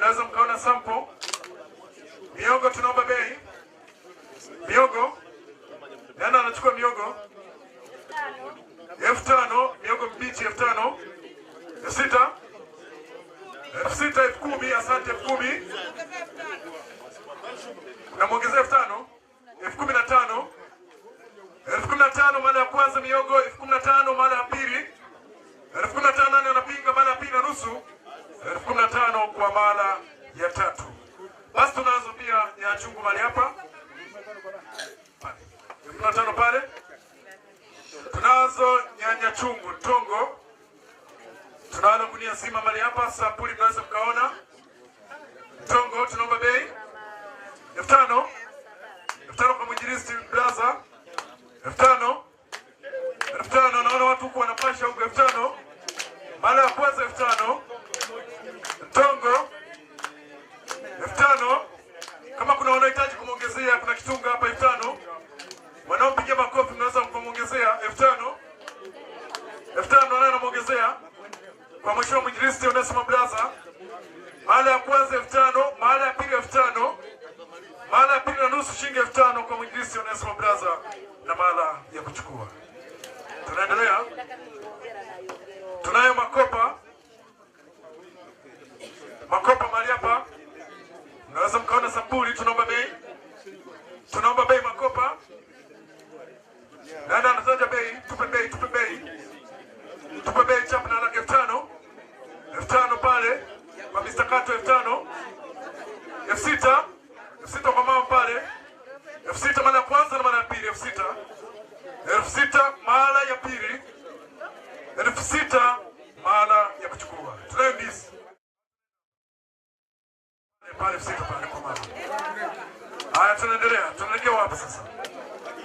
hapa, mkaona sample miogo. Tunaomba bei miogo, nani anachukua miogo? elfu tano miogo mbichi, elfu tano elfu sita elfu sita elfu kumi Asante, elfu kumi namwongezea elfu tano elfu kumi na tano elfu kumi na tano mara ya kwanza miogo elfu kumi na tano mara kwa mara ya tatu. Basi tunazo pia nyanya chungu mali hapa tano pale, tunazo nyanya chungu tongo, tunalo gunia sima mali hapa sampuli mara ya kwanza elfu tano mara ya pili elfu tano mara ya pili na nusu shilingi elfu tano kwa mwinjilisti Onesimo Braza na mara ya kuchukua. Tunaendelea, tunayo makopa makopa mahali hapa, mnaweza mkaona sampuli. Tunaomba bei, tunaomba bei makopa. Nani anataja bei? Tupe bei, tupe bei, tupe bei chap na mkato elfu tano elfu sita elfu sita kwa mama pale, elfu sita mara ya kwanza na mara ya pili, elfu sita elfu sita mara ya pili, elfu sita mara ya kuchukua tunayo ndizi pale elfu sita pale kwa mama. Haya, tunaendelea, tunaelekea wapi sasa?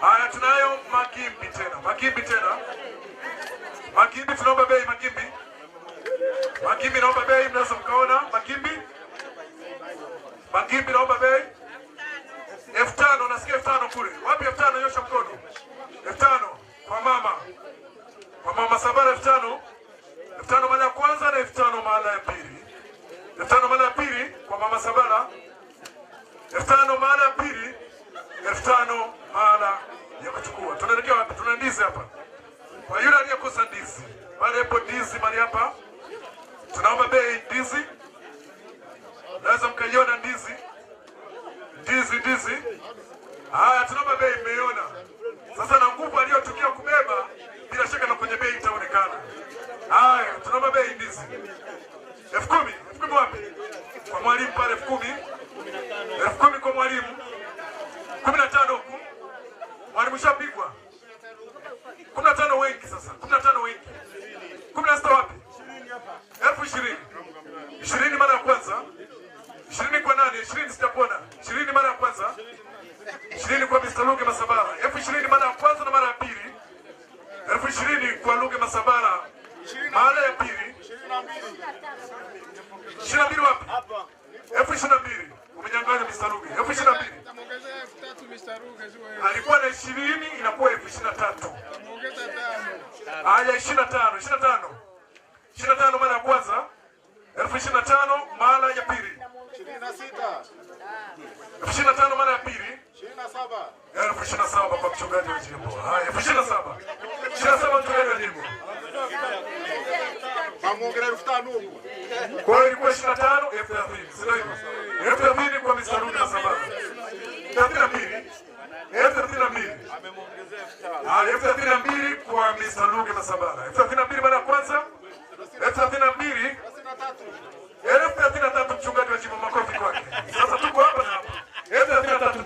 Haya, tunayo makimbi tena, makimbi tena, makimbi tunaomba bei makimbi Makimbi naomba bei, mnaweza mkaona Makimbi. Makimbi naomba bei elfu tano nasikia elfu tano kule. Wapi elfu tano? Nyosha mkono. elfu tano kwa mama, kwa mama Sabara elfu tano elfu tano mara ya kwanza na elfu tano mara ya pili, elfu tano mara ya pili kwa mama Sabara, elfu tano mara ya pili, elfu tano mara ya kuchukua. Tunaelekea wapi? Tuna ndizi hapa, kwa yule aliyekosa ndizi, mara hapo, ndizi, mali hapa Tunaomba bei ndizi, naweza mkaiona ndizi, ndizi, ndizi. Haya, tunaomba bei, mmeiona sasa, na nguvu aliyotumia kubeba, bila shaka na kwenye bei itaonekana. Haya, tunaomba bei ndizi, elfu kumi. Elfu kumi wapi? Kwa mwalimu pale, elfu kumi, elfu kumi kwa mwalimu, kumi na tano huku mwalimu shapigwa, kumi na tano wengi sasa, kumi na tano wengi, kumi na sita wapi? kwanza, ishirini kwa nani? ishirini sitapona, ishirini mara ya kwanza, ishirini kwa Mr. Luke Masabara, elfu ishirini mara ya kwanza na mara ya pili, elfu ishirini kwa Luke Masabara mara ya pili, ishirini na mbili wapi? elfu ishirini na mbili umenyang'anya Mr. Luge, elfu ishirini na mbili alikuwa na ishirini inakuwa elfu ishirini na tatu Haya, ishirini na tano, ishirini na tano, ishirini na tano mara ya kwanza elfu ishirini na tano mara ya pili, elfu ishirini na tano mara ya pili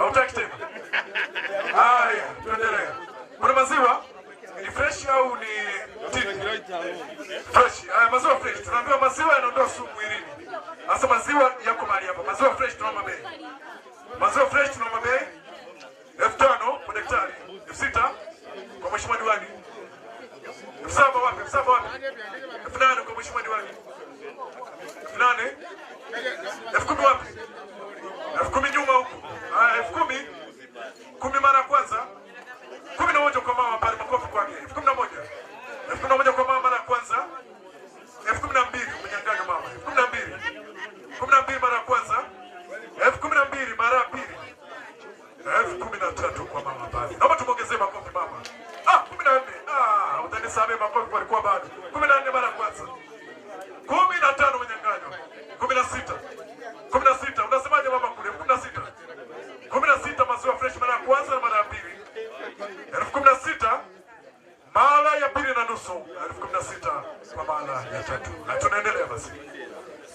Hautaki tena? Haya, tuendelee. Kuna maziwa ni fresh au ni fresh? Haya, maziwa fresh. Tunaambiwa maziwa yanaondoa sumu mwilini. Sasa maziwa yako mahali hapa. Maziwa fresh tunaomba bei. Maziwa fresh tunaomba bei elfu tano kwa daktari, elfu sita kwa mheshimiwa diwani, elfu saba wapi? Elfu saba wapi? elfu nane kwa mheshimiwa diwani, elfu nane elfu kumi wapi? Sameh ambako walikuwa bado kumi na nne mara ya kwanza, kumi na tano unyang'anyo, kumi na sita kumi na sita unasemaje mama kule, kumi na sita kumi na sita maziwa fresh mara ya kwanza na mara ya pili elfu kumi na sita mara ya pili na nusu elfu kumi na sita kwa mara ya tatu, na tunaendelea basi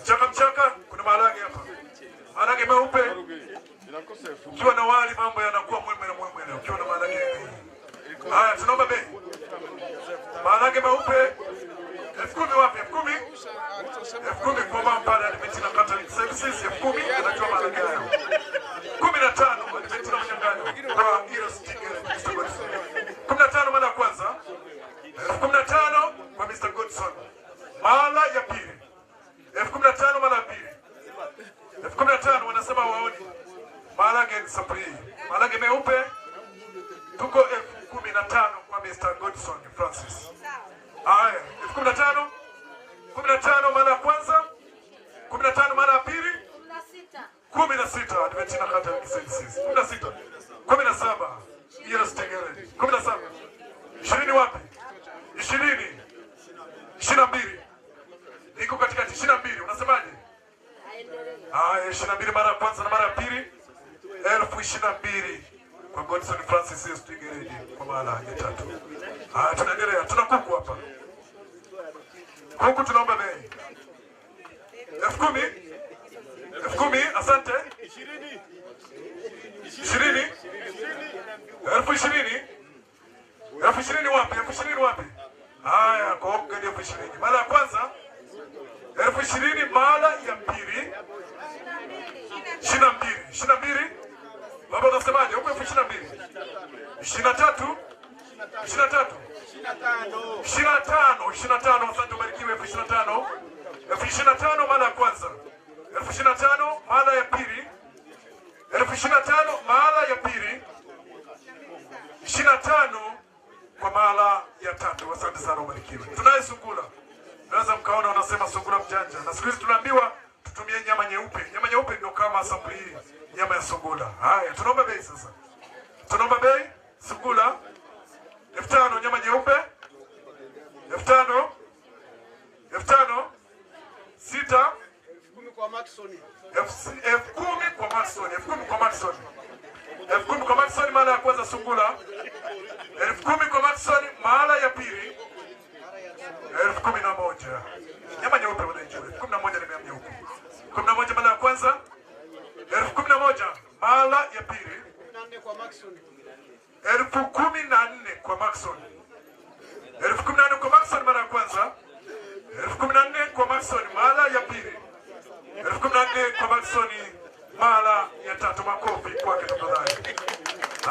mchaka mchaka. Kuna maharage hapa, maharage meupe ukiwa na wali mambo yanakuwa mwemwe na mwemwe. Ukiwa na maharage haya, tunaomba bei maharage meupe elfu kumi wapi? elfu kumi elfu kumi kuomba mpana alimiti na kata Services elfu kumi inatoa maharage hayo kumi na tano alimiti na mashangano kwa hilo sitini kumi na tano mara ya kwanza elfu kumi na tano kwa Mr. Godson mara ya pili elfu kumi na tano mara ya pili elfu kumi na tano wanasema waoni maharage sapri maharage meupe tuko elfu kumi na tano Mr. Godson Francis. Haya, elfu kumi na tano kumi na tano mara ya kwanza, kumi na tano mara ya pili, kumi na sita Adventina kata sita Kisaidizi, kumi na sita kumi na saba Yeros Tegere, kumi na saba ishirini wapi? ishirini ishirini na mbili iko katikati, ishirini na mbili unasemaje? Haya, ishirini na mbili mara ya kwanza na mara ya pili, elfu ishirini na mbili Godson Francis Stigereji kwa maana ya tatu. Ah, tunaendelea, tuna kuku hapa. Kuku tunaomba bei. Elfu kumi. Elfu kumi, asante. Ishirini. Elfu ishirini. Elfu ishirini wapi? Elfu ishirini wapi? Haya, kwa elfu ishirini. Mara ya kwanza elfu ishirini mara ya pili ishirini na mbili. Ishirini na mbili. Baba unasemaje? Huko elfu ishirini na mbili ishirini na tatu ishirini na tatu ishirini na tano ishirini na tano Asante, ubarikiwe. elfu ishirini na tano elfu ishirini na tano mara ya kwanza, elfu ishirini na tano mara ya pili, elfu ishirini na tano mara ya pili, ishirini na tano kwa mara ya tatu. Asante sana, ubarikiwe. Tunaye sungura, naweza mkaona wanasema sungura mjanja, na siku hizi tunaambiwa tutumie nyama nyeupe. Nyama nyeupe ndio kama sampuli hii, nyama ya sungura. Haya, tunaomba bei sasa, tunaomba bei sungura elfu tano nyama nyeupe elfu tano elfu tano sita elfu kumi kwa elfu kumi kwa elfu kumi kwa mara ya kwanza sungura, elfu kumi kwa mara ya pili, elfu kumi na moja nyama nyeupe. na moja mara ya pili elfu kumi na nne kwa Maxon, elfu kumi na nne kwa Maxon mara ya kwanza, elfu kumi na nne kwa Maxon mara ya pili, elfu kumi na nne kwa Maxon mara ya tatu. Makofi kwake tafadhali.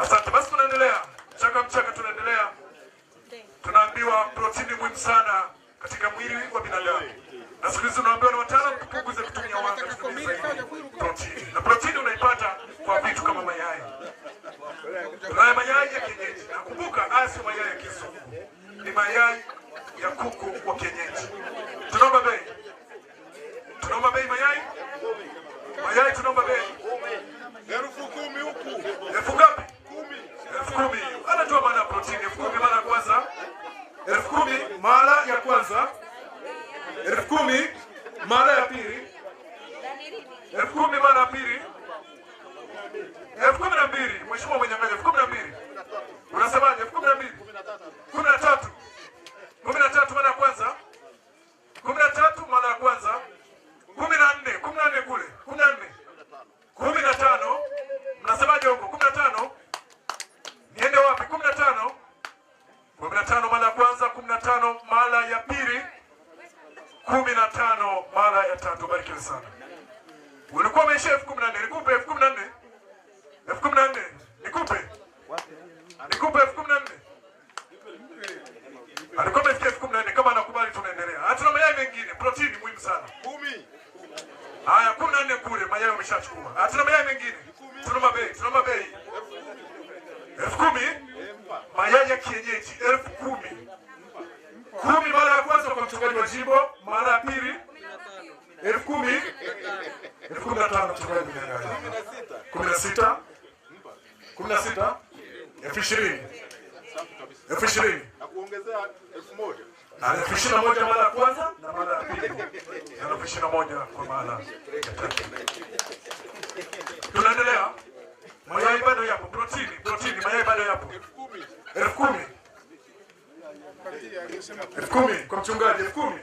Asante. Basi tunaendelea mchaka mchaka, tunaendelea tunaambiwa protini muhimu sana katika mwili wa binadamu na siku hizi tunaambiwa na wataalamu tupunguze kutumia wanga, tutumie protini, na protini unaipata kwa vitu kama mayai. elfu kumi mara mbili elfu kumi na mbili Mheshimiwa Mwenyangaji, elfu kumi na mbili unasemaje? elfu kumi na mbili kumi na tatu kumi na tatu mara ya kwanza kumi na tatu mara ya kwanza kumi na nne kumi na nne kule kumi na nne kumi na tano mnasemaje huko? kumi na tano niende wapi? kumi na tano kumi na tano mara ya kwanza kumi na tano mara ya pili kumi na tano mara ya tatu. Barikiwe sana. Ulikuwa umeishia elfu kumi na nne nikupe elfu kumi na nne elfu kumi na nne nikupe nikupe elfu kumi na nne alikuwa amefikia elfu kumi na nne kama anakubali tunaendelea. Hatuna mayai mengine, protini muhimu sana kumi. Haya, kumi na nne kule mayai wameshachukua, hatuna mayai mengine. Tuna mabei, tuna mabei elfu kumi mayai ya kienyeji elfu kumi kumi mara ya kwanza kwa mchungaji wa jimbo, mara ya pili elfu kumi kumi na tano kumi na sita kumi na sita elfu ishirini elfu ishirini elfu ishirini na moja mara ya kwanza na mara ya pili na elfu ishirini na moja kwa mara tunaendelea. Mayai bado yapo, protini protini, mayai bado yapo elfu kumi elfu kumi kwa mchungaji elfu kumi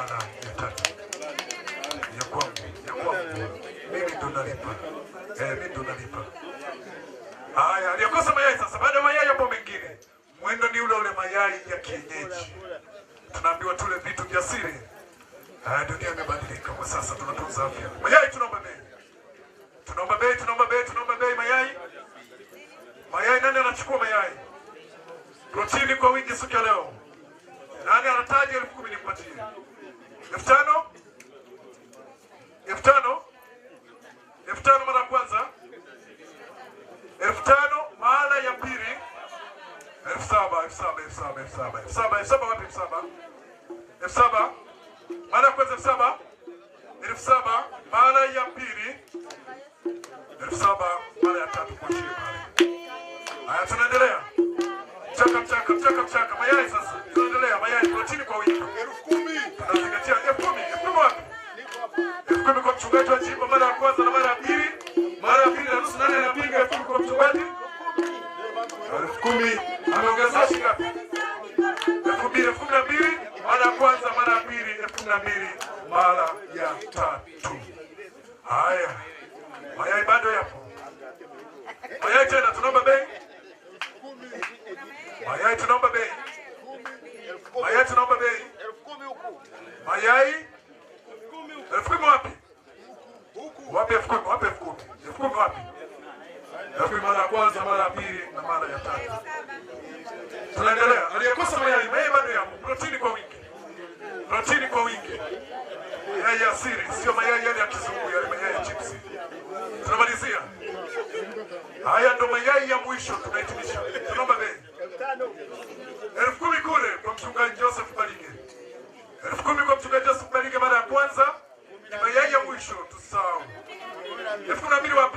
maana ya tatu ya kwangu ya kwangu mimi ndo nalipa eh, mimi ndo nalipa. Haya, aliyokosa mayai sasa, baada ya mayai hapo mengine, mwendo ni ule ule mayai ya kienyeji, tunaambiwa tule vitu vya siri. Haya, dunia imebadilika kwa sasa, tunatunza afya. Mayai tunaomba bei, tunaomba bei, tunaomba bei, tunaomba bei mayai mayai. Nani anachukua mayai? Protini kwa wingi siku ya leo, nani anataja elfu kumi nipatie elfu tano elfu tano elfu tano mara ya kwanza, elfu tano mara ya pili, elfu saba elfu saba elfu saba elfu saba elfu saba elfu saba wapi? elfu saba elfu saba mara ya kwanza, elfu saba elfu saba mara ya pili, elfu saba mara ya tatu. Kwa shida haya, tunaendelea mchaka mchaka mchaka mchaka mayai sasa, tunaendelea mayai protini kwa wingi anazingatia elfu kumi. kumi kumi kwa mchungaji wa jimbo mara ya kwanza na mara ya pili, mara ya pili na nusu. anapiga kumi kwa mchungaji? Elfu kumi ameongeza elfu mbili, elfu kumi na mbili mara ya kwanza, mara ya pili, elfu kumi na mbili mara ya tatu. Haya, mayai bado yapo, mayai tena, tunaomba bei mayai, tunaomba bei mayai, tunaomba bei mayai elfu kumi wapi? Wapi elfu kumi? Wapi elfu kumi? Elfu kumi wapi? Elfu kumi mara ya kwanza, mara ya pili na mara ya tatu. Tunaendelea. Aliyekosa mayai, mayai bado yapo. Protini kwa wingi, protini kwa wingi, mayai ya asili, sio mayai yale ya kizungu, yale mayai ya chipsi. Tunamalizia haya, ndo mayai ya mwisho tunahitimisha. Tunaomba bei elfu kumi kule kwa mchungaji Joseph mchungaji asikubalike mara ya kwanza, ni mwisho, tusahau elfu kumi na mbili wa